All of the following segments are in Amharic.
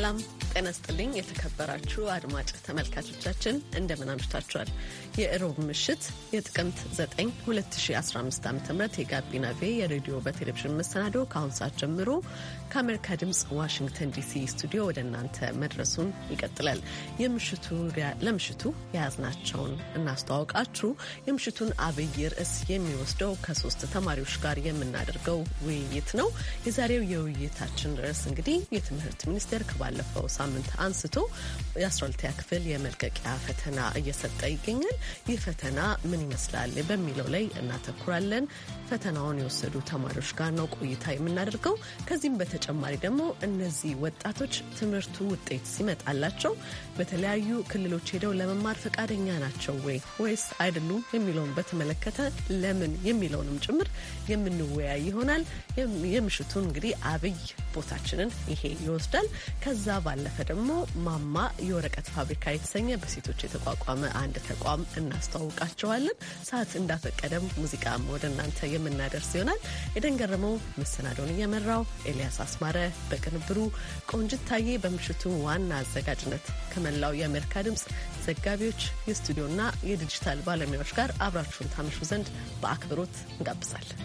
alam ጤና ስጥልኝ የተከበራችሁ አድማጭ ተመልካቾቻችን እንደምን አምሽታችኋል። የእሮብ ምሽት የጥቅምት 9 2015 ዓ ም የጋቢና ቬ የሬዲዮ በቴሌቪዥን መሰናዶ ከአሁን ሰዓት ጀምሮ ከአሜሪካ ድምፅ ዋሽንግተን ዲሲ ስቱዲዮ ወደ እናንተ መድረሱን ይቀጥላል። ለምሽቱ የያዝናቸውን እናስተዋውቃችሁ። የምሽቱን አብይ ርዕስ የሚወስደው ከሶስት ተማሪዎች ጋር የምናደርገው ውይይት ነው። የዛሬው የውይይታችን ርዕስ እንግዲህ የትምህርት ሚኒስቴር ከባለፈው ሳምንት ሳምንት አንስቶ የ 12 ክፍል የመልቀቂያ ፈተና እየሰጠ ይገኛል። ይህ ፈተና ምን ይመስላል በሚለው ላይ እናተኩራለን። ፈተናውን የወሰዱ ተማሪዎች ጋር ነው ቆይታ የምናደርገው። ከዚህም በተጨማሪ ደግሞ እነዚህ ወጣቶች ትምህርቱ ውጤት ሲመጣላቸው በተለያዩ ክልሎች ሄደው ለመማር ፈቃደኛ ናቸው ወይ ወይስ አይደሉም የሚለውን በተመለከተ ለምን የሚለውንም ጭምር የምንወያይ ይሆናል። የምሽቱን እንግዲህ አብይ ቦታችንን ይሄ ይወስዳል። ከዛ ባለፈ ደግሞ ማማ የወረቀት ፋብሪካ የተሰኘ በሴቶች የተቋቋመ አንድ ተቋም እናስተዋውቃቸዋለን። ሰዓት እንዳፈቀደም ሙዚቃ ወደ እናንተ የምናደርስ ይሆናል። ኤደን ገረመው መሰናዶውን እየመራው፣ ኤልያስ አስማረ በቅንብሩ፣ ታዬ በምሽቱ ዋና አዘጋጅነት ከመላው የአሜሪካ ድምፅ ዘጋቢዎች፣ የስቱዲዮና የዲጂታል ባለሙያዎች ጋር አብራችሁን ታመሹ ዘንድ በአክብሮት እንጋብዛለን።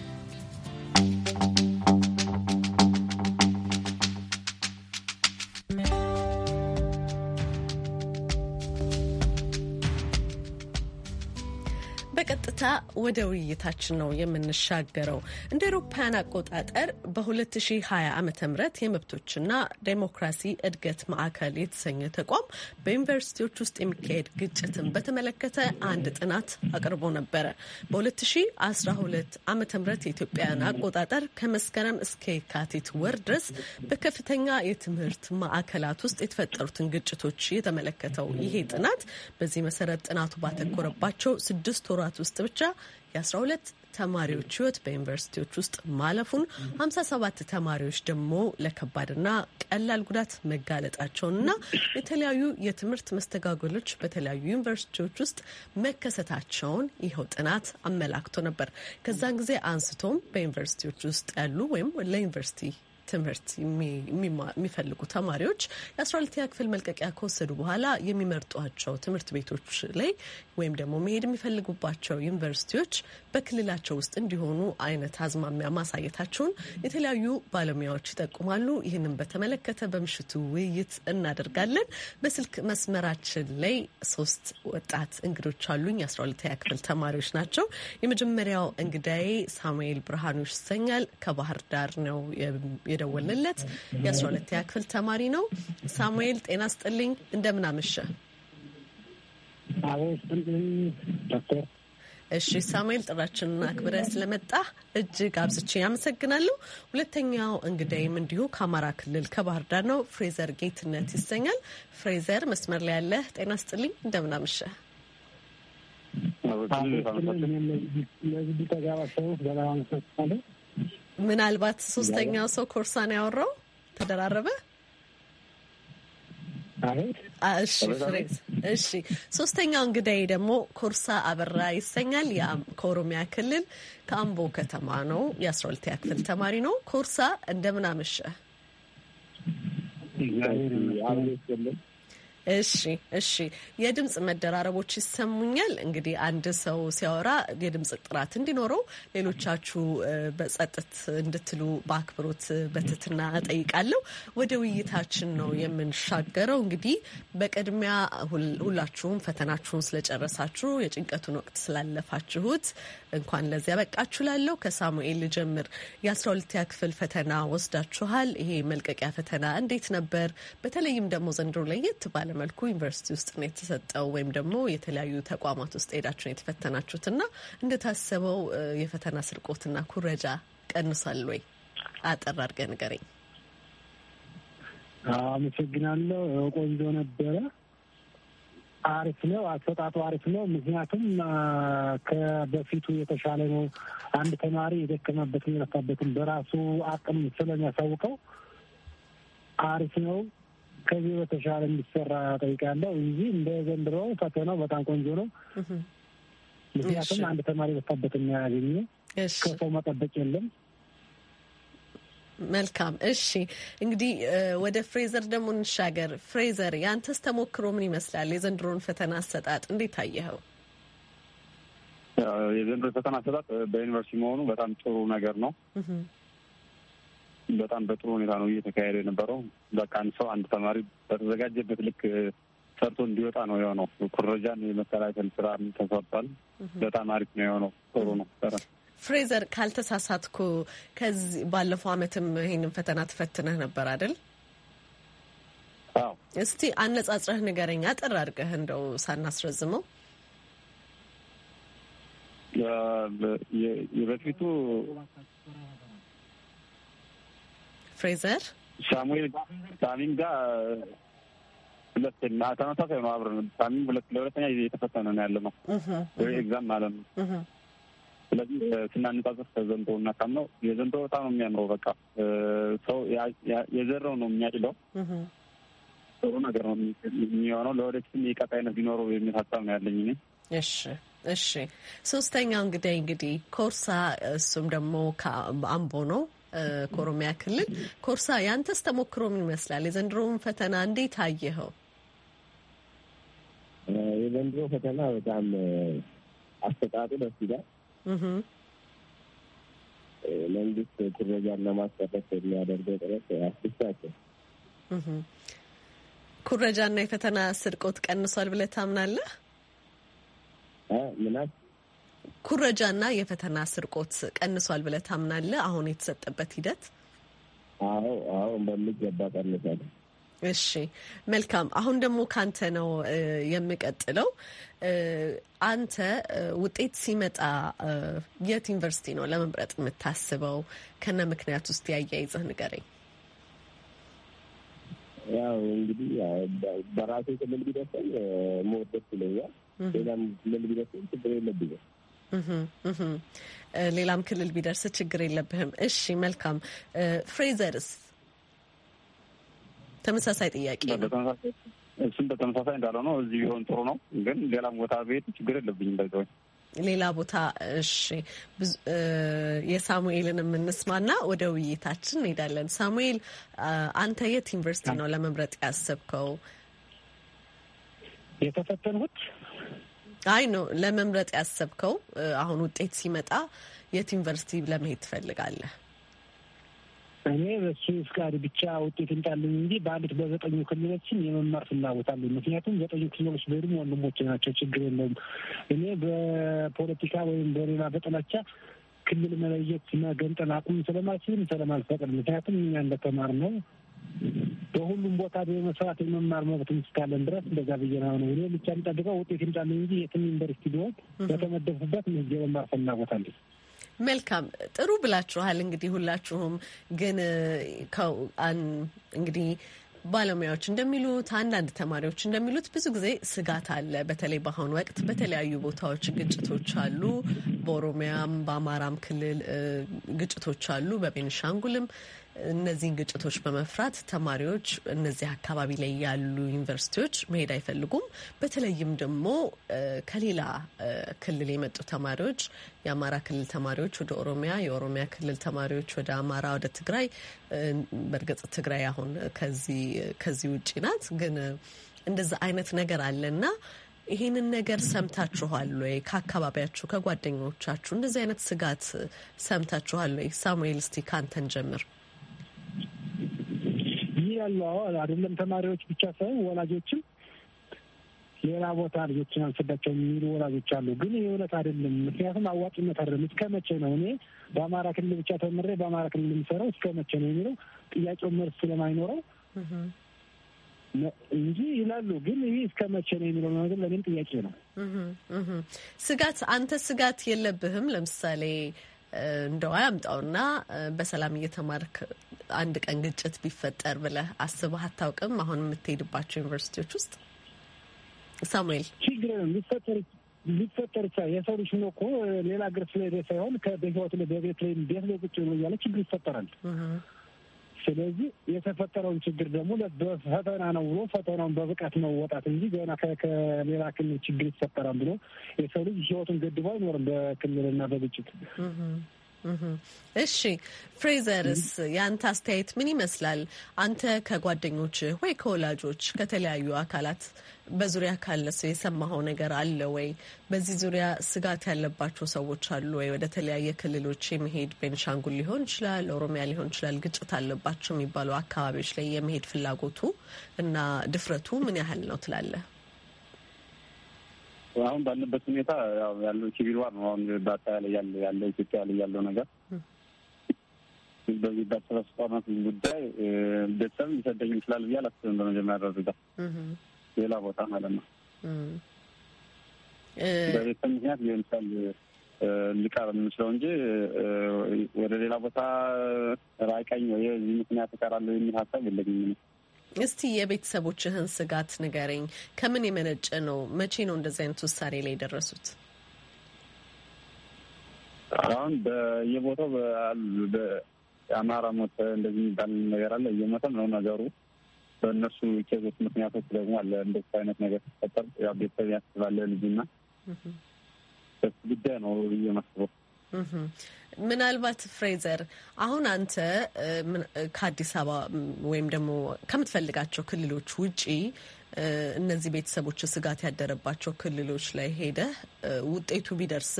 ወደ ውይይታችን ነው የምንሻገረው። እንደ ኤሮፓያን አቆጣጠር በ2020 ዓ ም የመብቶችና ዴሞክራሲ እድገት ማዕከል የተሰኘ ተቋም በዩኒቨርሲቲዎች ውስጥ የሚካሄድ ግጭትን በተመለከተ አንድ ጥናት አቅርቦ ነበረ። በ2012 ዓ ም የኢትዮጵያን አቆጣጠር ከመስከረም እስከ የካቲት ወር ድረስ በከፍተኛ የትምህርት ማዕከላት ውስጥ የተፈጠሩትን ግጭቶች የተመለከተው ይሄ ጥናት በዚህ መሰረት ጥናቱ ባተኮረባቸው ስድስት ወራት ውስጥ ብቻ የ12 ተማሪዎች ህይወት በዩኒቨርሲቲዎች ውስጥ ማለፉን 57 ተማሪዎች ደግሞ ለከባድና ቀላል ጉዳት መጋለጣቸውንና የተለያዩ የትምህርት መስተጋገሎች በተለያዩ ዩኒቨርሲቲዎች ውስጥ መከሰታቸውን ይኸው ጥናት አመላክቶ ነበር። ከዛን ጊዜ አንስቶም በዩኒቨርሲቲዎች ውስጥ ያሉ ወይም ለዩኒቨርሲቲ ትምህርት የሚፈልጉ ተማሪዎች የአስራ ሁለተኛ ክፍል መልቀቂያ ከወሰዱ በኋላ የሚመርጧቸው ትምህርት ቤቶች ላይ ወይም ደግሞ መሄድ የሚፈልጉባቸው ዩኒቨርሲቲዎች በክልላቸው ውስጥ እንዲሆኑ አይነት አዝማሚያ ማሳየታቸውን የተለያዩ ባለሙያዎች ይጠቁማሉ። ይህንን በተመለከተ በምሽቱ ውይይት እናደርጋለን። በስልክ መስመራችን ላይ ሶስት ወጣት እንግዶች አሉኝ። የአስራ ሁለተኛ ክፍል ተማሪዎች ናቸው። የመጀመሪያው እንግዳዬ ሳሙኤል ብርሃኖች ይሰኛል። ከባህር ዳር ነው የደወልንለት የአስራ ሁለተኛ ክፍል ተማሪ ነው። ሳሙኤል ጤና ስጥልኝ፣ እንደምን አመሸ? እሺ ሳሙኤል ጥራችንን አክብረ ስለመጣ እጅግ አብዝቼ ያመሰግናለሁ። ሁለተኛው እንግዳይም እንዲሁ ከአማራ ክልል ከባህር ዳር ነው። ፍሬዘር ጌትነት ይሰኛል። ፍሬዘር መስመር ላይ ያለ ጤና ስጥልኝ እንደምናምሸ ምናልባት ሶስተኛው ሰው ኮርሳን ያወራው ተደራረበ። እሺ ሶስተኛው እንግዳይ ደግሞ ኮርሳ አበራ ይሰኛል። ከኦሮሚያ ክልል ከአምቦ ከተማ ነው። የአስራ ሁለተኛ ክፍል ተማሪ ነው። ኮርሳ እንደምን አመሸ? እሺ እሺ። የድምፅ መደራረቦች ይሰሙኛል። እንግዲህ አንድ ሰው ሲያወራ የድምፅ ጥራት እንዲኖረው ሌሎቻችሁ በጸጥት እንድትሉ በአክብሮት በትትና እጠይቃለሁ። ወደ ውይይታችን ነው የምንሻገረው። እንግዲህ በቅድሚያ ሁላችሁም ፈተናችሁን ስለጨረሳችሁ የጭንቀቱን ወቅት ስላለፋችሁት እንኳን ለዚያ ያበቃችሁ ላለው ከሳሙኤል ልጀምር። የአስራ ሁለተኛ ክፍል ፈተና ወስዳችኋል። ይሄ መልቀቂያ ፈተና እንዴት ነበር? በተለይም ደግሞ ዘንድሮ ለየት ባለመልኩ ዩኒቨርሲቲ ውስጥ ነው የተሰጠው ወይም ደግሞ የተለያዩ ተቋማት ውስጥ ሄዳችሁ ነው የተፈተናችሁት እና እንደታሰበው የፈተና ስርቆትና ኩረጃ ቀንሷል ወይ? አጠር አድርገህ ንገረኝ። አመሰግናለሁ። ቆንጆ ነበረ። አሪፍ ነው። አሰጣጡ አሪፍ ነው። ምክንያቱም ከበፊቱ የተሻለ ነው። አንድ ተማሪ የደከመበትን የለፋበትን በራሱ አቅም ስለሚያሳውቀው አሪፍ ነው። ከዚህ በተሻለ እንዲሰራ ጠይቃለሁ እንጂ እንደ ዘንድሮ ፈተናው በጣም ቆንጆ ነው። ምክንያቱም አንድ ተማሪ የለፋበትን የሚያገኘ ከሰው መጠበቅ የለም። መልካም እሺ፣ እንግዲህ ወደ ፍሬዘር ደግሞ እንሻገር። ፍሬዘር የአንተስ ተሞክሮ ምን ይመስላል? የዘንድሮን ፈተና አሰጣጥ እንዴት አየኸው? የዘንድሮ ፈተና አሰጣጥ በዩኒቨርሲቲ መሆኑ በጣም ጥሩ ነገር ነው። በጣም በጥሩ ሁኔታ ነው እየተካሄደ የነበረው። በቃ አንድ ሰው አንድ ተማሪ በተዘጋጀበት ልክ ሰርቶ እንዲወጣ ነው የሆነው። ኩረጃን የመከላከል ስራ ተሰርቷል። በጣም አሪፍ ነው የሆነው። ጥሩ ነው። ፍሬዘር ካልተሳሳትኩ ከዚህ ባለፈው አመትም ይህንን ፈተና ትፈትነህ ነበር አይደል? እስቲ አነጻጽረህ ንገረኝ፣ አጠር አድርገህ እንደው ሳናስረዝመው። የበፊቱ ፍሬዘር ሳሙኤል ታሚም ጋር ሁለት ተመሳሳይ ነው። አብረን ታሚም ሁለት ለሁለተኛ የተፈተነ ነው ያለ ነው ኤግዛም ማለት ነው ስለዚህ ስናነጻጽር ከዘንድሮ እና ካምናው የዘንድሮ በጣም የሚያምረው። በቃ ሰው የዘረው ነው የሚያጭለው። ጥሩ ነገር ነው የሚሆነው። ለወደፊትም የቀጣይነት ቢኖረው የሚል ሀሳብ ነው ያለኝ እኔ። እሺ እሺ። ሶስተኛ እንግዲህ እንግዲህ ኮርሳ እሱም ደግሞ ከአምቦ ነው ከኦሮሚያ ክልል ኮርሳ፣ ያንተስ ተሞክሮ ምን ይመስላል? የዘንድሮውን ፈተና እንዴት አየኸው? የዘንድሮ ፈተና በጣም አሰጣጡ ደስ ይላል። መንግስት ኩረጃን ለማስቀረት የሚያደርገው ጥረት አስቻቸው ኩረጃና የፈተና ስርቆት ቀንሷል ብለህ ታምናለህ? ምናት ኩረጃና የፈተና ስርቆት ቀንሷል ብለህ ታምናለህ? አሁን የተሰጠበት ሂደት አዎ፣ አሁን በሚገባ ቀንሷል። እሺ መልካም። አሁን ደግሞ ካንተ ነው የምቀጥለው። አንተ ውጤት ሲመጣ የት ዩኒቨርሲቲ ነው ለመምረጥ የምታስበው? ከነ ምክንያት ውስጥ ያያይዘህ ንገረኝ። ያው እንግዲህ በራሴ ክልል ቢደርሰኝ መወደድ ይለኛል። ሌላም ክልል ቢደርሰኝ ችግር የለብኝም። ሌላም ክልል ቢደርስ ችግር የለብህም። እሺ መልካም። ፍሬዘርስ ተመሳሳይ ጥያቄ ነው። እሱም በተመሳሳይ እንዳለ ነው። እዚህ ቢሆን ጥሩ ነው፣ ግን ሌላም ቦታ ቤት ችግር የለብኝም በዚያው ሌላ ቦታ እሺ፣ የሳሙኤልን የምንስማና ወደ ውይይታችን እንሄዳለን። ሳሙኤል አንተ የት ዩኒቨርሲቲ ነው ለመምረጥ ያሰብከው? የተፈተንሁት አይ ነው ለመምረጥ ያሰብከው። አሁን ውጤት ሲመጣ የት ዩኒቨርሲቲ ለመሄድ ትፈልጋለህ? እኔ በሱ ፍቃድ ብቻ ውጤት እንጣለን እንጂ በአንዲት በዘጠኙ ክልሎችም የመማር ፍላጎት አለ። ምክንያቱም ዘጠኙ ክልሎች በድሞ ወንድሞች ናቸው፣ ችግር የለውም። እኔ በፖለቲካ ወይም በሌላ በጥላቻ ክልል መለየት መገንጠል አቁም ስለማልችልም ስለማልፈቅድ፣ ምክንያቱም እኛ ነው በሁሉም ቦታ በመስራት የመማር መብት እስካለን ድረስ እንደዛ ብየና ነው። እኔ ብቻ የምጠብቀው ውጤት እንጣለን እንጂ የትም ዩኒቨርሲቲ ቢሆን በተመደፉበት መሄድ የመማር ፍላጎት አለ። መልካም ጥሩ ብላችኋል። እንግዲህ ሁላችሁም ግን እንግዲህ ባለሙያዎች እንደሚሉት አንዳንድ ተማሪዎች እንደሚሉት ብዙ ጊዜ ስጋት አለ። በተለይ በአሁኑ ወቅት በተለያዩ ቦታዎች ግጭቶች አሉ። በኦሮሚያም በአማራም ክልል ግጭቶች አሉ። በቤንሻንጉልም እነዚህን ግጭቶች በመፍራት ተማሪዎች እነዚህ አካባቢ ላይ ያሉ ዩኒቨርሲቲዎች መሄድ አይፈልጉም። በተለይም ደግሞ ከሌላ ክልል የመጡ ተማሪዎች የአማራ ክልል ተማሪዎች ወደ ኦሮሚያ፣ የኦሮሚያ ክልል ተማሪዎች ወደ አማራ፣ ወደ ትግራይ። በእርግጥ ትግራይ አሁን ከዚህ ውጭ ናት፣ ግን እንደዛ አይነት ነገር አለና ይህንን ነገር ሰምታችኋል ወይ? ከአካባቢያችሁ ከጓደኞቻችሁ እንደዚህ አይነት ስጋት ሰምታችኋል ወይ? ሳሙኤል እስቲ ካንተን ጀምር። ያሉ አይደለም ተማሪዎች ብቻ ሳይሆን ወላጆችም ሌላ ቦታ ልጆችን አንስዳቸው የሚሉ ወላጆች አሉ። ግን ይህ እውነት አይደለም። ምክንያቱም አዋጭነት አይደለም። እስከ መቼ ነው እኔ በአማራ ክልል ብቻ ተምሬ በአማራ ክልል የምሰራው እስከ መቼ ነው የሚለው ጥያቄው መልስ ስለማይኖረው እንጂ ይላሉ። ግን ይህ እስከ መቼ ነው የሚለው ነገር ለእኔም ጥያቄ ነው። ስጋት አንተ ስጋት የለብህም ለምሳሌ እንደዋ ያምጣውና በሰላም እየተማርክ አንድ ቀን ግጭት ቢፈጠር ብለህ አስበህ አታውቅም? አሁን የምትሄድባቸው ዩኒቨርሲቲዎች ውስጥ ሳሙኤል ችግር ሊፈጠር ይቻ የሰው ልጅ ነው እኮ ሌላ ሀገር ስለሄደ ሳይሆን ከቤት ላይ ቤት ላይ ቁጭ ብሎ እያለ ችግር ይፈጠራል። ስለዚህ የተፈጠረውን ችግር ደግሞ ፈተና ነው ብሎ ፈተናውን በብቃት መወጣት እንጂ ገና ከሌላ ክልል ችግር ይፈጠራል ብሎ የሰው ልጅ ህይወቱን ገድቦ አይኖርም በክልልና በግጭት እሺ ፍሬዘርስ፣ የአንተ አስተያየት ምን ይመስላል? አንተ ከጓደኞች ወይ ከወላጆች ከተለያዩ አካላት በዙሪያ ካለ ሰው የሰማኸው ነገር አለ ወይ? በዚህ ዙሪያ ስጋት ያለባቸው ሰዎች አሉ ወይ? ወደ ተለያየ ክልሎች የመሄድ ቤንሻንጉል ሊሆን ይችላል፣ ኦሮሚያ ሊሆን ይችላል፣ ግጭት አለባቸው የሚባሉ አካባቢዎች ላይ የመሄድ ፍላጎቱ እና ድፍረቱ ምን ያህል ነው ትላለህ? አሁን ባለበት ሁኔታ ያለው ሲቪል ዋር ነው። አሁን በአጠቃላይ ያለ ያለ ኢትዮጵያ ላይ ያለው ነገር በዚህ በርስ ጦርነት ጉዳይ ቤተሰብ ሊሰደኝ ይችላል ብዬ አላስብም። በመጀመሪያ ደረጃ ሌላ ቦታ ማለት ነው። በቤተሰብ ምክንያት ሊሆንቻል ሊቀር ልቀር የምችለው እንጂ ወደ ሌላ ቦታ ራቀኝ ወይ እዚህ ምክንያት እቀራለሁ የሚል ሀሳብ የለኝም። እስቲ የቤተሰቦችህን ስጋት ንገረኝ። ከምን የመነጨ ነው? መቼ ነው እንደዚህ አይነት ውሳኔ ላይ የደረሱት? አሁን በየቦታው በአማራ ሞተ እንደዚህ የሚባል ነገር አለ። እየሞተ ነው ነገሩ። በእነሱ ኬዞች ምክንያቶች ደግሞ አለ እንደሱ አይነት ነገር ሲፈጠር ቤተሰብ ያስባለ ልጅና ጉዳይ ነው ብዬ ማስበው ምናልባት ፍሬዘር አሁን አንተ ከአዲስ አበባ ወይም ደግሞ ከምትፈልጋቸው ክልሎች ውጪ እነዚህ ቤተሰቦች ስጋት ያደረባቸው ክልሎች ላይ ሄደህ ውጤቱ ቢደርስ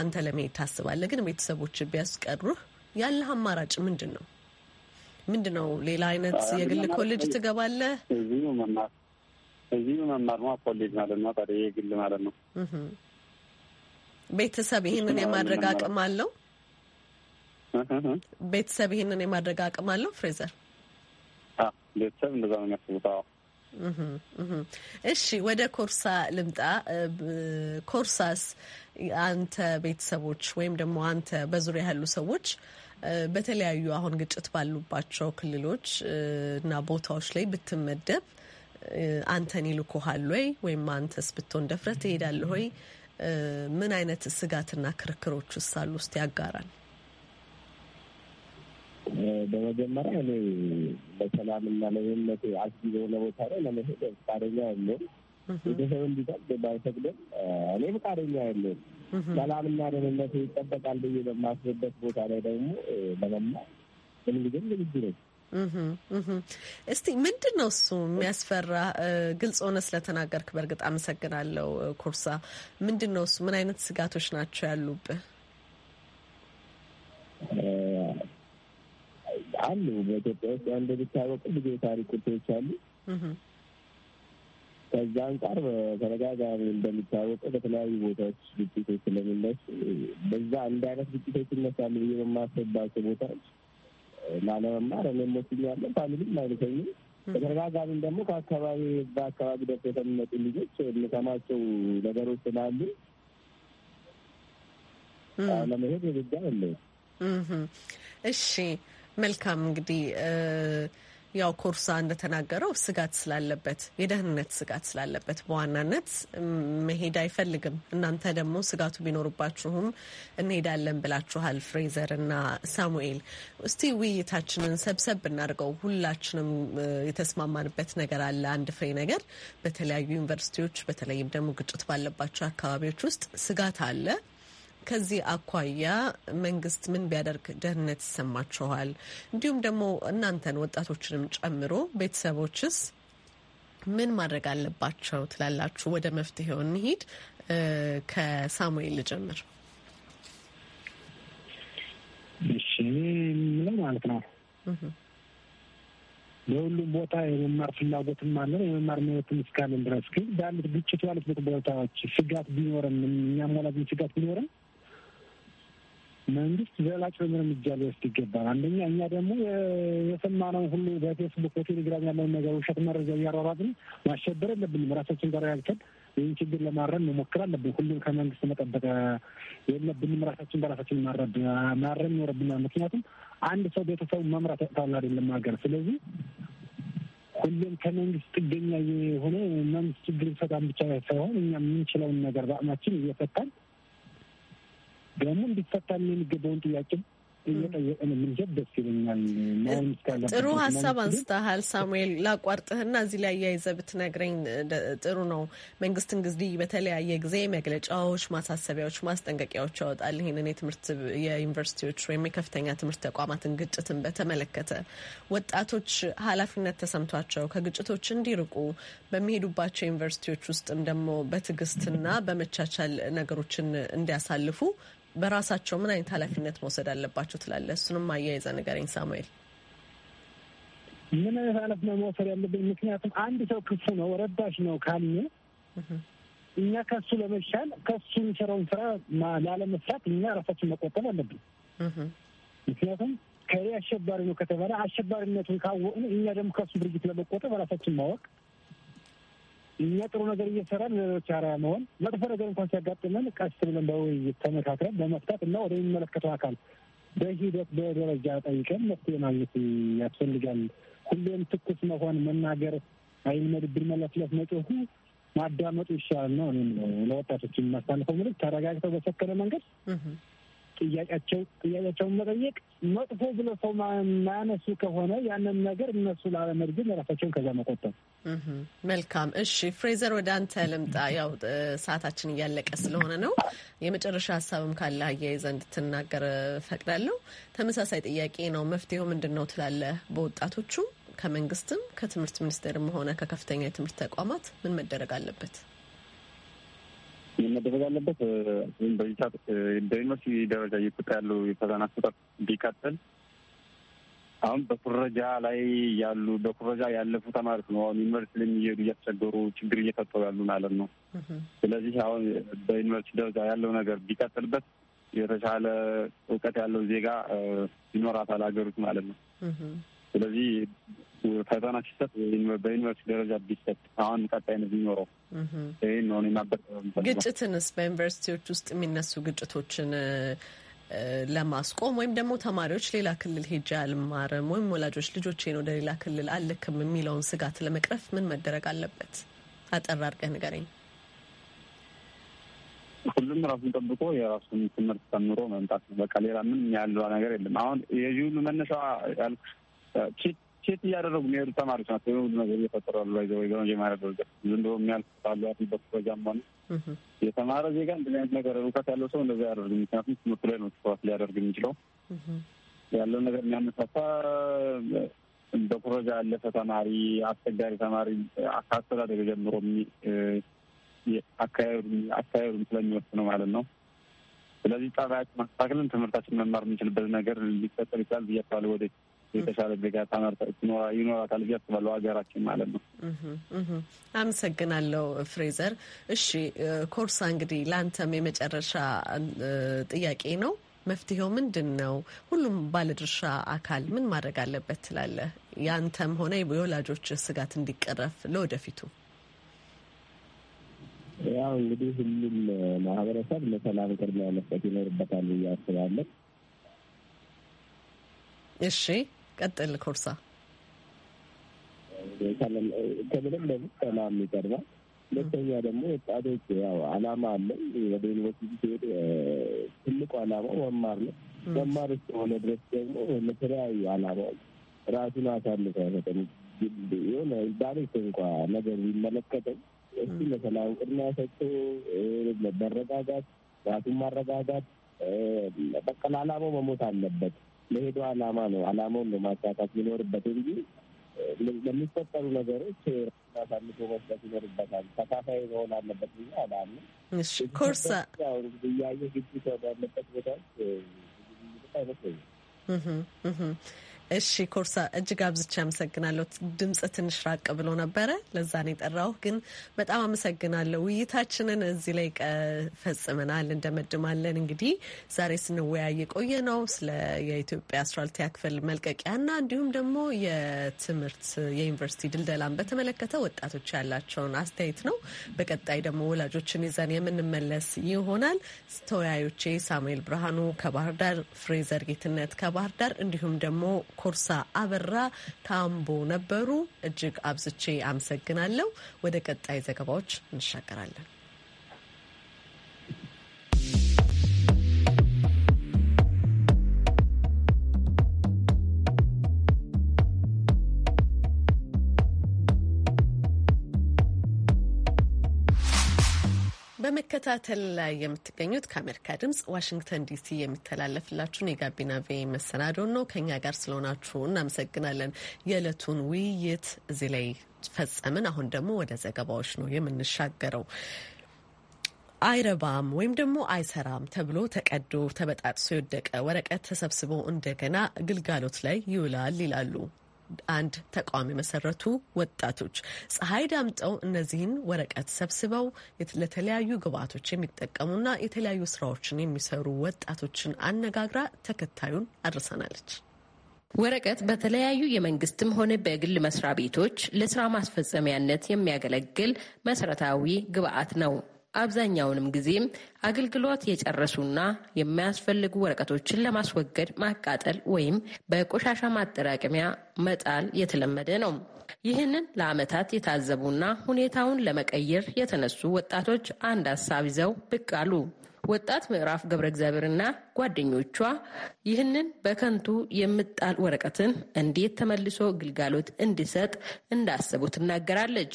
አንተ ለመሄድ ታስባለህ። ግን ቤተሰቦች ቢያስቀሩህ ያለህ አማራጭ ምንድን ነው? ምንድን ነው? ሌላ አይነት የግል ኮሌጅ ትገባለህ? እዚሁ መማር እዚሁ መማር ኮሌጅ ማለት ነው የግል ማለት ነው ቤተሰብ ይህንን የማድረግ አቅም አለው? ቤተሰብ ይህንን የማድረግ አቅም አለው? ፍሬዘር ቤተሰብ እንደዛ ነው የሚያስቡት። እሺ ወደ ኮርሳ ልምጣ። ኮርሳስ አንተ ቤተሰቦች ወይም ደግሞ አንተ በዙሪያ ያሉ ሰዎች በተለያዩ አሁን ግጭት ባሉባቸው ክልሎች እና ቦታዎች ላይ ብትመደብ አንተን ይልኩሃል ወይ? ወይም አንተስ ብትሆን ደፍረህ ትሄዳለህ ወይ? ምን አይነት ስጋትና ክርክሮች ውስጥ አሉ ውስጥ ያጋራል። በመጀመሪያ እኔ ለሰላምና ለህነት አስጊ የሆነ ቦታ ላይ ለመሄድ ፈቃደኛ ያለውም ቤተሰብ እንዲጠብቅ ባይፈቅድም እኔ ፈቃደኛ ያለውም ሰላምና ደህንነት ይጠበቃል ብዬ በማስብበት ቦታ ላይ ደግሞ ለመማር ምንጊዜም ዝግጁ ነኝ። እስቲ ምንድን ነው እሱ የሚያስፈራ? ግልጽ ሆነ ስለተናገርክ በእርግጥ አመሰግናለሁ ኩርሳ። ምንድን ነው እሱ? ምን አይነት ስጋቶች ናቸው ያሉብህ? አሉ በኢትዮጵያ ውስጥ እንደሚታወቁ ብዙ የታሪክ ቁርሶች አሉ። ከዛ አንጻር በተደጋጋሚ እንደሚታወቀ በተለያዩ ቦታዎች ግጭቶች ስለሚነሱ በዛ እንደ አይነት ግጭቶች ይነሳሉ ብዬ በማሰባቸው ቦታዎች ላለመማር እኔ ወስኛለሁ። ፋሚሊም አይነተኝም። በተደጋጋሚም ደግሞ ከአካባቢ በአካባቢ ደርሶ የተሚመጡ ልጆች የምሰማቸው ነገሮች ስላሉ ለመሄድ ጉዳይ አለ። እሺ መልካም እንግዲህ ያው ኮርሳ እንደተናገረው ስጋት ስላለበት የደህንነት ስጋት ስላለበት በዋናነት መሄድ አይፈልግም። እናንተ ደግሞ ስጋቱ ቢኖርባችሁም እንሄዳለን ብላችኋል ፍሬዘር እና ሳሙኤል። እስቲ ውይይታችንን ሰብሰብ ብናደርገው ሁላችንም የተስማማንበት ነገር አለ። አንድ ፍሬ ነገር በተለያዩ ዩኒቨርሲቲዎች በተለይም ደግሞ ግጭት ባለባቸው አካባቢዎች ውስጥ ስጋት አለ። ከዚህ አኳያ መንግስት ምን ቢያደርግ ደህንነት ይሰማችኋል? እንዲሁም ደግሞ እናንተን ወጣቶችንም ጨምሮ ቤተሰቦችስ ምን ማድረግ አለባቸው ትላላችሁ? ወደ መፍትሄው እንሂድ። ከሳሙኤል ልጀምር። እሺ የምለው ማለት ነው በሁሉም ቦታ የመማር ፍላጎትም አለ። የመማር መብትም እስካለን ድረስ ግን ባሉት ግጭቱ ባሉት ቦታዎች ስጋት ቢኖርም እኛም ወላጅ ስጋት ቢኖርም መንግስት ዘላቂ የሆነ እርምጃ ሊወስድ ይገባል። አንደኛ እኛ ደግሞ የሰማነውን ሁሉ በፌስቡክ በቴሌግራም ያለውን ነገር ውሸት መረጃ እያሯሯጥን ማሸበር የለብንም። ራሳችን ጋር ተረጋግተን ይህን ችግር ለማረም መሞክር አለብን። ሁሉም ከመንግስት መጠበቅ የለብንም። ራሳችን በራሳችን ማረብ ማረም ይኖርብናል። ምክንያቱም አንድ ሰው ቤተሰቡ መምራት ያቅታል አይደለም ሀገር። ስለዚህ ሁሉም ከመንግስት ጥገኛ የሆነ መንግስት ችግር ይፈታን ብቻ ሳይሆን እኛ የምንችለውን ነገር በአቅማችን እየፈታን ደግሞ እንዲፈታል የሚገባውን ጥያቄ እየጠየቅን የምንሄድ ደስ ይለኛል። ጥሩ ሀሳብ አንስተሃል ሳሙኤል። ላቋርጥህና እዚህ ላይ አያይዘህ ብትነግረኝ ጥሩ ነው። መንግስት እንግዲህ በተለያየ ጊዜ መግለጫዎች፣ ማሳሰቢያዎች፣ ማስጠንቀቂያዎች ያወጣል። ይህንን የትምህርት የዩኒቨርሲቲዎች ወይም የከፍተኛ ትምህርት ተቋማትን ግጭትን በተመለከተ ወጣቶች ኃላፊነት ተሰምቷቸው ከግጭቶች እንዲርቁ በሚሄዱባቸው ዩኒቨርሲቲዎች ውስጥም ደግሞ በትዕግስትና በመቻቻል ነገሮችን እንዲያሳልፉ በራሳቸው ምን አይነት ኃላፊነት መውሰድ አለባቸው ትላለ? እሱንም አያይዘ ንገረኝ ሳሙኤል። ምን አይነት ኃላፊነት መውሰድ ያለብን? ምክንያቱም አንድ ሰው ክፉ ነው ረባሽ ነው ካልን እኛ ከሱ ለመሻል ከሱ የሚሰራውን ስራ ላለመስራት እኛ ራሳችን መቆጠብ አለብን። ምክንያቱም ከሌ አሸባሪ ነው ከተባለ አሸባሪነቱን ካወቅን እኛ ደግሞ ከሱ ድርጊት ለመቆጠብ ራሳችን ማወቅ እኛ ጥሩ ነገር እየሰራን ለሌሎች አርአያ መሆን፣ መጥፎ ነገር እንኳን ሲያጋጥመን ቀስ ብለን በውይይት ተመካክረን በመፍታት እና ወደ የሚመለከተው አካል በሂደት በደረጃ ጠይቀን መፍትሄ ማግኘት ያስፈልጋል። ሁሌም ትኩስ መሆን መናገር አይልመድብን። መለፍለፍ መጮሁ ማዳመጡ ይሻላል ነው ለወጣቶች የማሳልፈው ምልክ ተረጋግተው በሰከነ መንገድ ጥያቄያቸው ጥያቄያቸውን መጠየቅ መጥፎ ብሎ ሰው ማያነሱ ከሆነ ያንን ነገር እነሱ ላለመድግን ራሳቸውን ከዛ መቆጠብ። መልካም እሺ፣ ፍሬዘር ወደ አንተ ልምጣ። ያው ሰዓታችን እያለቀ ስለሆነ ነው። የመጨረሻ ሀሳብም ካለ አያይዘ እንድትናገር ፈቅዳለሁ። ተመሳሳይ ጥያቄ ነው። መፍትሄው ምንድን ነው ትላለ? በወጣቶቹ ከመንግስትም ከትምህርት ሚኒስቴርም ሆነ ከከፍተኛ የትምህርት ተቋማት ምን መደረግ አለበት? መደረግ አለበት። ይህም በዚህ በዩኒቨርሲቲ ደረጃ እየቁጣ ያሉ የፈተና አሰጣጥ እንዲቀጥል አሁን በኩረጃ ላይ ያሉ በኩረጃ ያለፉ ተማሪዎች ነው አሁን ዩኒቨርሲቲ የሚሄዱ እያስቸገሩ ችግር እየፈጠሩ ያሉ ማለት ነው። ስለዚህ አሁን በዩኒቨርሲቲ ደረጃ ያለው ነገር ቢቀጥልበት የተሻለ እውቀት ያለው ዜጋ ይኖራታል ሀገሮች ማለት ነው። ስለዚህ ፈተና ሲሰጥ በዩኒቨርሲቲ ደረጃ ቢሰጥ አሁን ቀጣይነት ቢኖረው ይህ ነው ናበት። ግጭትንስ በዩኒቨርሲቲዎች ውስጥ የሚነሱ ግጭቶችን ለማስቆም ወይም ደግሞ ተማሪዎች ሌላ ክልል ሄጄ አልማርም ወይም ወላጆች ልጆቼን ወደ ሌላ ክልል አልክም የሚለውን ስጋት ለመቅረፍ ምን መደረግ አለበት? አጠር አድርገህ ንገረኝ። ሁሉም ራሱን ጠብቆ የራሱን ትምህርት ተምሮ መምጣት በቃ ሌላ ምን ያለ ነገር የለም። አሁን የዚህ ሁሉ መነሻ ያልኩሽ ሴት እያደረጉ የሚሄዱ ተማሪዎች ናቸው። ሁሉ ነገር እየፈጠሩ ያሉ ይዘ ወይ የማረ ደረጃ ዝንዶ የሚያልፍ ባሉ ያሉበት ደረጃም ነው። የተማረ ዜጋ እንደዚህ አይነት ነገር እውቀት ያለው ሰው እንደዚ ያደርግ። ምክንያቱም ትምህርቱ ላይ ነው ትኩረት ሊያደርግ የሚችለው ያለው ነገር የሚያነሳሳ በኩረጃ ያለፈ ተማሪ አስቸጋሪ ተማሪ ከአስተዳደግ ጀምሮ አካሄዱም ነው ማለት ነው። ስለዚህ ጠባያችን ማስተካከልን ትምህርታችን መማር የምንችልበት ነገር ሊፈጠር ይችላል ብዬ አስባለሁ ወደፊት የተሻለ ዜጋ ይኖራታል ብዬ አስባለሁ፣ ሀገራችን ማለት ነው። አመሰግናለሁ ፍሬዘር። እሺ ኮርሳ፣ እንግዲህ ለአንተም የመጨረሻ ጥያቄ ነው። መፍትሄው ምንድን ነው? ሁሉም ባለድርሻ አካል ምን ማድረግ አለበት ትላለህ? የአንተም ሆነ የወላጆች ስጋት እንዲቀረፍ ለወደፊቱ ያው እንግዲህ ሁሉም ማህበረሰብ ለሰላም ቅድሚያ መስጠት ይኖርበታል ብዬ አስባለሁ። እሺ ቀጥል ኮርሳ። ከምንም በፊት ሰላም ይቀድማል። ሁለተኛ ደግሞ ወጣቶች ያው አላማ አለን። ወደ ዩኒቨርሲቲ ሲሄድ ትልቁ አላማው መማር ነው። መማር እስከሆነ ድረስ ደግሞ ለተለያዩ አላማዎች ራሱን አሳልፎ አይሰጥም። የሆነ ዳሬት እንኳ ነገር ቢመለከተው እሱ ለሰላም ቅድሚያ ሰጥቶ መረጋጋት፣ ራሱን ማረጋጋት በቃ ለአላማው መሞት አለበት። ለሄደው አላማ ነው አላማውን ለማሳካት ሊኖርበት እንጂ ለሚፈጠሩ ነገሮች አሳልፎ መስጠት ይኖርበታል። ተካፋይ መሆን አለበት ብዬ አላምንም። ኮርስ እያየ ግጭት ወዳለበት ቦታዎች አይመስለኝም። እሺ ኮርሳ፣ እጅግ አብዝቼ አመሰግናለሁ። ድምጽ ትንሽ ራቅ ብሎ ነበረ፣ ለዛ ነው የጠራው። ግን በጣም አመሰግናለሁ። ውይይታችንን እዚህ ላይ ፈጽመናል፣ እንደመድማለን። እንግዲህ ዛሬ ስንወያይ ቆየ ነው ስለ የኢትዮጵያ አስትራልቲያ ክፍል መልቀቂያና እንዲሁም ደግሞ የትምህርት የዩኒቨርሲቲ ድልደላን በተመለከተ ወጣቶች ያላቸውን አስተያየት ነው። በቀጣይ ደግሞ ወላጆችን ይዘን የምንመለስ ይሆናል። ተወያዮቼ ሳሙኤል ብርሃኑ ከባህር ዳር፣ ፍሬዘር ጌትነት ከባህር ዳር እንዲሁም ደግሞ ኮርሳ አበራ ታምቦ ነበሩ። እጅግ አብዝቼ አመሰግናለሁ። ወደ ቀጣይ ዘገባዎች እንሻገራለን። በመከታተል ላይ የምትገኙት ከአሜሪካ ድምጽ ዋሽንግተን ዲሲ የሚተላለፍላችሁን የጋቢና ቬ መሰናዶ ነው። ከኛ ጋር ስለሆናችሁ እናመሰግናለን። የዕለቱን ውይይት እዚህ ላይ ፈጸምን። አሁን ደግሞ ወደ ዘገባዎች ነው የምንሻገረው። አይረባም ወይም ደግሞ አይሰራም ተብሎ ተቀዶ ተበጣጥሶ የወደቀ ወረቀት ተሰብስቦ እንደገና ግልጋሎት ላይ ይውላል ይላሉ አንድ ተቋም የመሰረቱ ወጣቶች ፀሐይ ዳምጠው እነዚህን ወረቀት ሰብስበው ለተለያዩ ግብአቶች የሚጠቀሙና የተለያዩ ስራዎችን የሚሰሩ ወጣቶችን አነጋግራ ተከታዩን አድርሰናለች። ወረቀት በተለያዩ የመንግስትም ሆነ በግል መስሪያ ቤቶች ለስራ ማስፈጸሚያነት የሚያገለግል መሰረታዊ ግብአት ነው። አብዛኛውንም ጊዜም አገልግሎት የጨረሱና የማያስፈልጉ ወረቀቶችን ለማስወገድ ማቃጠል ወይም በቆሻሻ ማጠራቀሚያ መጣል የተለመደ ነው። ይህንን ለዓመታት የታዘቡና ሁኔታውን ለመቀየር የተነሱ ወጣቶች አንድ ሀሳብ ይዘው ብቅ አሉ። ወጣት ምዕራፍ ገብረ እግዚአብሔርና ጓደኞቿ ይህንን በከንቱ የምጣል ወረቀትን እንዴት ተመልሶ ግልጋሎት እንዲሰጥ እንዳሰቡ ትናገራለች።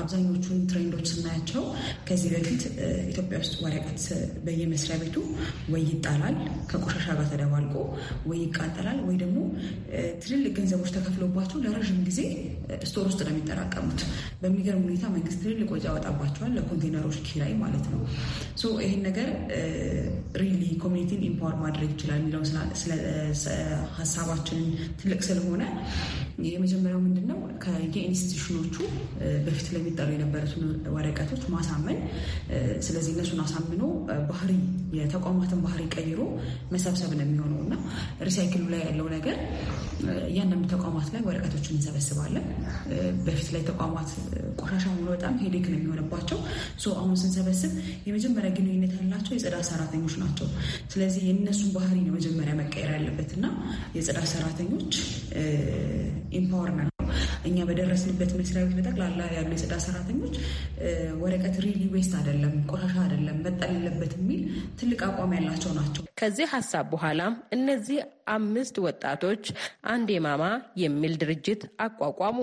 አብዛኞቹን ትሬንዶች ስናያቸው ከዚህ በፊት ኢትዮጵያ ውስጥ ወረቀት በየመስሪያ ቤቱ ወይ ይጣላል ከቆሻሻ ጋር ተደባልቆ ወይ ይቃጠላል ወይ ደግሞ ትልልቅ ገንዘቦች ተከፍሎባቸው ለረዥም ጊዜ ስቶር ውስጥ ነው የሚጠራቀሙት። በሚገርም ሁኔታ መንግስት ትልልቅ ወጪ ያወጣባቸዋል ለኮንቴነሮች ኪራይ ማለት ነው። ይህን ነገር ሪሊ ኮሚኒቲን ኢምፓወር ማድረግ ይችላል የሚለው ሀሳባችንን ትልቅ ስለሆነ የመጀመሪያው ምንድን ነው ከየኢንስቲቱሽኖቹ በፊት ለሚጠሩ የነበሩትን ወረቀቶች ማሳመን። ስለዚህ እነሱን አሳምኖ ባህሪ የተቋማትን ባህሪ ቀይሮ መሰብሰብ ነው የሚሆነው እና ሪሳይክሉ ላይ ያለው ነገር እያንዳንዱ ተቋማት ላይ ወረቀቶችን እንሰበስባለን። በፊት ላይ ተቋማት ቆሻሻ ሆኖ በጣም ሄዴክ ነው የሚሆንባቸው። አሁን ስንሰበስብ የመጀመሪያ ግንኙነት የምንላቸው የጽዳት ሰራተኞች ናቸው። ስለዚህ የእነሱን ባህሪ ነው መጀመሪያ መቀየር ያለበት እና የጽዳት ሰራተኞች ኢምፓወር እኛ በደረስንበት መስሪያ ቤት በጠቅላላ ያሉ የጽዳት ሰራተኞች ወረቀት ሪሊ ዌስት አይደለም፣ ቆሻሻ አይደለም፣ መጣል የለበት የሚል ትልቅ አቋም ያላቸው ናቸው። ከዚህ ሀሳብ በኋላም እነዚህ አምስት ወጣቶች አንድ የማማ የሚል ድርጅት አቋቋሙ።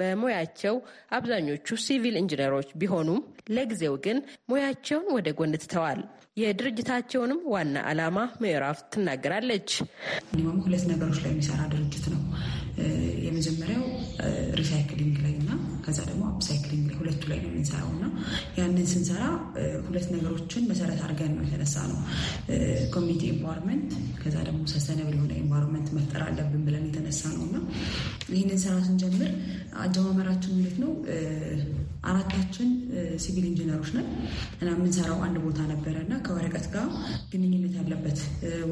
በሙያቸው አብዛኞቹ ሲቪል ኢንጂነሮች ቢሆኑም ለጊዜው ግን ሙያቸውን ወደ ጎን ትተዋል። የድርጅታቸውንም ዋና ዓላማ ምዕራፍ ትናገራለች። ሁለት ነገሮች ላይ የሚሰራ ድርጅት ነው። የመጀመሪያው ሪሳይክሊንግ ላይ እና ከዛ ደግሞ አፕሳይክሊንግ ላይ ሁለቱ ላይ ነው የምንሰራው እና ያንን ስንሰራ ሁለት ነገሮችን መሰረት አድርገን ነው የተነሳ ነው። ኮሚኒቲ ኤንቫይሮንመንት ከዛ ደግሞ ሰስተነብል የሆነ ኤንቫይሮንመንት መፍጠር አለብን ብለን የተነሳ ነው እና ይህንን ስራ ስንጀምር አጀማመራችን እንዴት ነው አራታችን ሲቪል ኢንጂነሮች ነን እና የምንሰራው አንድ ቦታ ነበረ እና ከወረቀት ጋር ግንኙነት ያለበት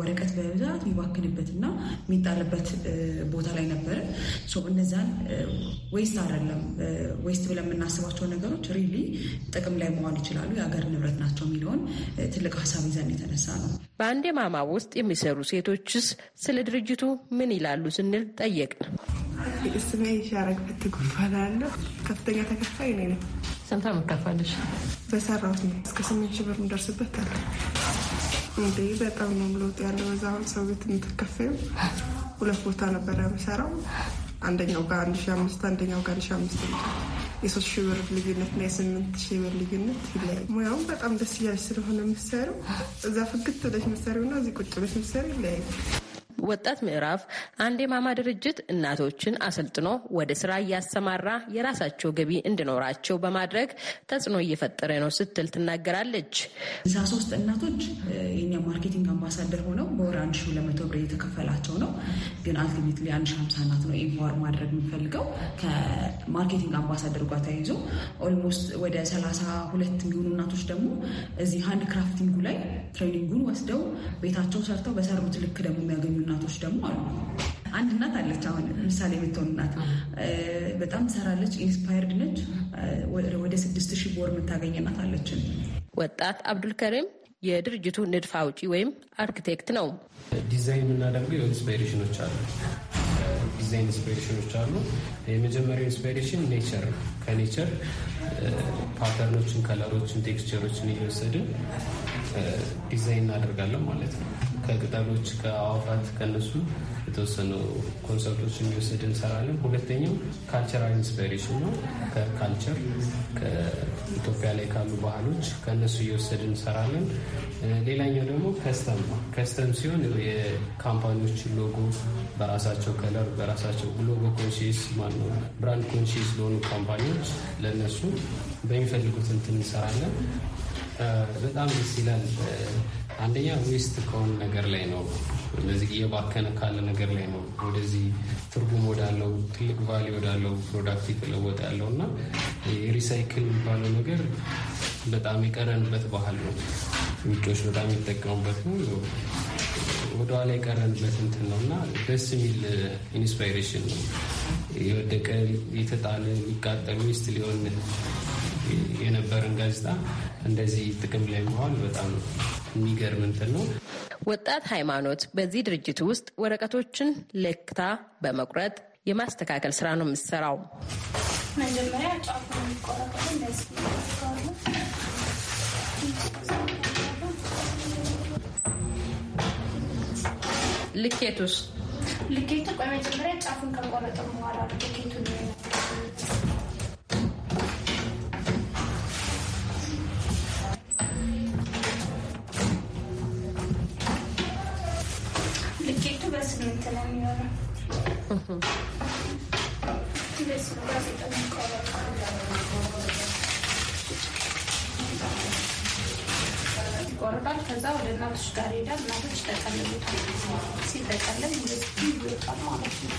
ወረቀት በብዛት የሚባክንበት እና የሚጣልበት ቦታ ላይ ነበረ። እነዛን ዌስት አይደለም ዌስት ብለን የምናስባቸው ነገሮች ሪሊ ጥቅም ላይ መዋል ይችላሉ፣ የሀገር ንብረት ናቸው የሚለውን ትልቅ ሀሳብ ይዘን የተነሳ ነው። በአንድ የማማ ውስጥ የሚሰሩ ሴቶችስ ስለ ድርጅቱ ምን ይላሉ ስንል ጠየቅን። እሱ ሻረግበት ትጎፋላለሁ። ከፍተኛ ተከፋይ እኔ ነኝ። ስንት ነው በሰራሁት ነው እስከ ስምንት ሺህ ብር እንደርስበት አለ። እንዴ በጣም ነው ለውጥ ያለው። እዛ አሁን ሰው ቤት የምትከፈዩ ሁለት ቦታ ነበር የምሰራው። አንደኛው ጋር አንድ ሺህ አምስት አንደኛው ጋር አንድ ሺህ አምስት የሶስት ሺህ ብር ልዩነት እና የስምንት ሺህ ብር ልዩነት ይለያል። ሙያውም በጣም ደስ እያለች ስለሆነ መሳሪው እዛ ፍግት ብለሽ መሳሪው እና እዚህ ቁጭ ብለሽ መሳሪው ይለያል። ወጣት ምዕራፍ አንድ የማማ ድርጅት እናቶችን አሰልጥኖ ወደ ስራ እያሰማራ የራሳቸው ገቢ እንዲኖራቸው በማድረግ ተጽዕኖ እየፈጠረ ነው ስትል ትናገራለች። እዛ ሶስት እናቶች የኛ ማርኬቲንግ አምባሳደር ሆነው በወር አንድ ሺ ለመቶ ብር እየተከፈላቸው ነው። ግን አልቲሜትሊ አንድ ሺ ሀምሳ እናት ነው ኢንፓወር ማድረግ የሚፈልገው ከማርኬቲንግ አምባሳደር ጋር ተያይዞ ኦልሞስት ወደ ሰላሳ ሁለት የሚሆኑ እናቶች ደግሞ እዚህ ሃንድ ክራፍቲንጉ ላይ ትሬኒንጉን ወስደው ቤታቸው ሰርተው በሰሩት ልክ ደግሞ የሚያገኙ እናቶች ደግሞ አሉ። አንድ እናት አለች፣ አሁን ምሳሌ የምትሆን እናት በጣም ትሰራለች፣ ኢንስፓየርድ ነች። ወደ ስድስት ሺህ ቦር የምታገኝ እናት አለችን። ወጣት አብዱልከሪም የድርጅቱ ንድፍ አውጪ ወይም አርክቴክት ነው። ዲዛይን የምናደርገው ኢንስፓይሬሽኖች አሉ ዲዛይን ኢንስፓይሬሽኖች አሉ። የመጀመሪያው ኢንስፓይሬሽን ኔቸር ከኔቸር ፓተርኖችን፣ ከለሮችን፣ ቴክስቸሮችን እየወሰድን ዲዛይን እናደርጋለን ማለት ነው። ከቅጠሎች፣ ከአዋፋት ከነሱ የተወሰኑ ኮንሰርቶች የሚወስድ እንሰራለን። ሁለተኛው ካልቸራል ኢንስፓይሬሽን ነው። ከካልቸር ከኢትዮጵያ ላይ ካሉ ባህሎች ከነሱ እየወሰድ እንሰራለን። ሌላኛው ደግሞ ከስተም ከስተም ሲሆን የካምፓኒዎች ሎጎ በራሳቸው ከለር በራሳቸው ሎጎ ኮንሺየስ ማነው ብራንድ ኮንሽስ ለሆኑ ካምፓኒዎች ለነሱ በሚፈልጉት እንትን እንሰራለን። በጣም ደስ ይላል። አንደኛ ዌስት ከሆነ ነገር ላይ ነው እንደዚህ እየባከነ ካለ ነገር ላይ ነው ወደዚህ ትርጉም ወዳለው ትልቅ ቫሊ ወዳለው ፕሮዳክት የተለወጠ ያለው እና ሪሳይክል የሚባለው ነገር በጣም የቀረንበት ባህል ነው። ውጮች በጣም የሚጠቀሙበት ነው። ወደኋላ የቀረንበት እንትን ነው እና ደስ የሚል ኢንስፓይሬሽን ነው። የወደቀ የተጣለ የሚቃጠል ዌስት ሊሆን የነበረን ጋዜጣ እንደዚህ ጥቅም ላይ መዋል በጣም የሚገርም እንትን ነው። ወጣት ሃይማኖት በዚህ ድርጅት ውስጥ ወረቀቶችን ለክታ በመቁረጥ የማስተካከል ስራ ነው የምትሰራው። መጀመሪያ ጫፉ የሚቆረጠው እንደዚህ ልኬቱስ? ልኬቱ በመጀመሪያ ጫፉን ከቆረጠ በኋላ ልኬቱ ይቆርጣል። ከዛ ወደ እናቶች ጋር ሄዳ እናቶች ተቀልሉታል። ሲጠቀልል እንደዚህ ይወጣል ማለት ነው።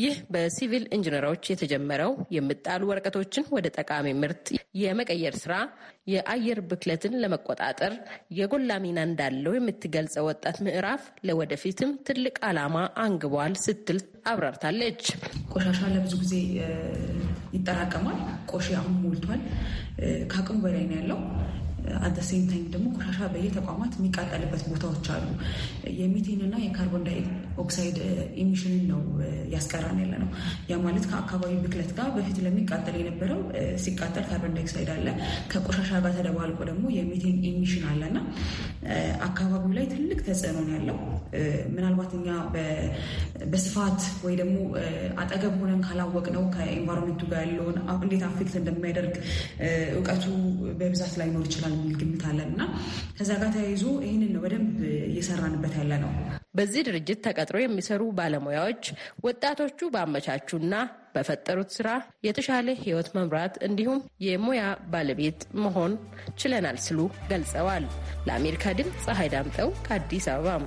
ይህ በሲቪል ኢንጂነሮች የተጀመረው የሚጣሉ ወረቀቶችን ወደ ጠቃሚ ምርት የመቀየር ስራ የአየር ብክለትን ለመቆጣጠር የጎላ ሚና እንዳለው የምትገልጸው ወጣት ምዕራፍ ለወደፊትም ትልቅ ዓላማ አንግቧል ስትል አብራርታለች። ቆሻሻ ለብዙ ጊዜ ይጠራቀማል። ቆሼ አሁን ሞልቷል። ከአቅሙ በላይ ነው ያለው። አደሴንታኝ ደግሞ ቆሻሻ በየተቋማት የሚቃጠልበት ቦታዎች አሉ። የሚቴንና የካርቦን ዳይ ኦክሳይድ ኢሚሽንን ነው ያስቀራን ያለ ነው። ያ ማለት ከአካባቢ ብክለት ጋር በፊት ለሚቃጠል የነበረው ሲቃጠል ካርበን ዳይኦክሳይድ አለ፣ ከቆሻሻ ጋር ተደባልቆ ደግሞ የሚቴን ኢሚሽን አለና አካባቢው ላይ ትልቅ ተጽዕኖ ነው ያለው። ምናልባት እኛ በስፋት ወይ ደግሞ አጠገብ ሆነን ካላወቅ ነው ከኤንቫይሮንመንቱ ጋር ያለውን እንዴት አፌክት እንደሚያደርግ እውቀቱ በብዛት ላይኖር ይችላል የሚል ግምት አለን እና ከዛ ጋር ተያይዞ ይህንን ነው በደንብ እየሰራንበት ያለ ነው። በዚህ ድርጅት ተቀጥሮ የሚሰሩ ባለሙያዎች ወጣቶቹ ባመቻቹና በፈጠሩት ስራ የተሻለ ህይወት መምራት እንዲሁም የሙያ ባለቤት መሆን ችለናል ስሉ ገልጸዋል። ለአሜሪካ ድምፅ ፀሐይ ዳምጠው ከአዲስ አበባ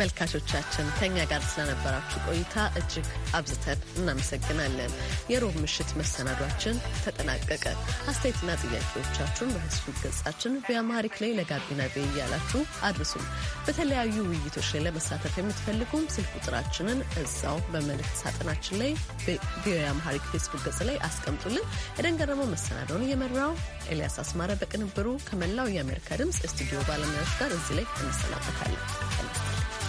ተመልካቾቻችን ከኛ ጋር ስለነበራችሁ ቆይታ እጅግ አብዝተን እናመሰግናለን። የሮብ ምሽት መሰናዷችን ተጠናቀቀ። አስተያየትና ጥያቄዎቻችሁን በፌስቡክ ገጻችን በአማሪክ ላይ ለጋቢና ቤ እያላችሁ አድርሱም። በተለያዩ ውይይቶች ላይ ለመሳተፍ የምትፈልጉም ስልክ ቁጥራችንን እዛው በመልእክት ሳጥናችን ላይ የአማሪክ ፌስቡክ ገጽ ላይ አስቀምጡልን። የደንገረመው መሰናዶውን የመራው ኤልያስ አስማረ በቅንብሩ ከመላው የአሜሪካ ድምፅ ስቱዲዮ ባለሙያዎች ጋር እዚህ ላይ እንሰናበታለን።